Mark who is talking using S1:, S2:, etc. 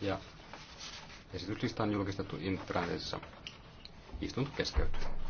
S1: ja esityslista on julkistettu intranetissä. Istunto keskeytyy.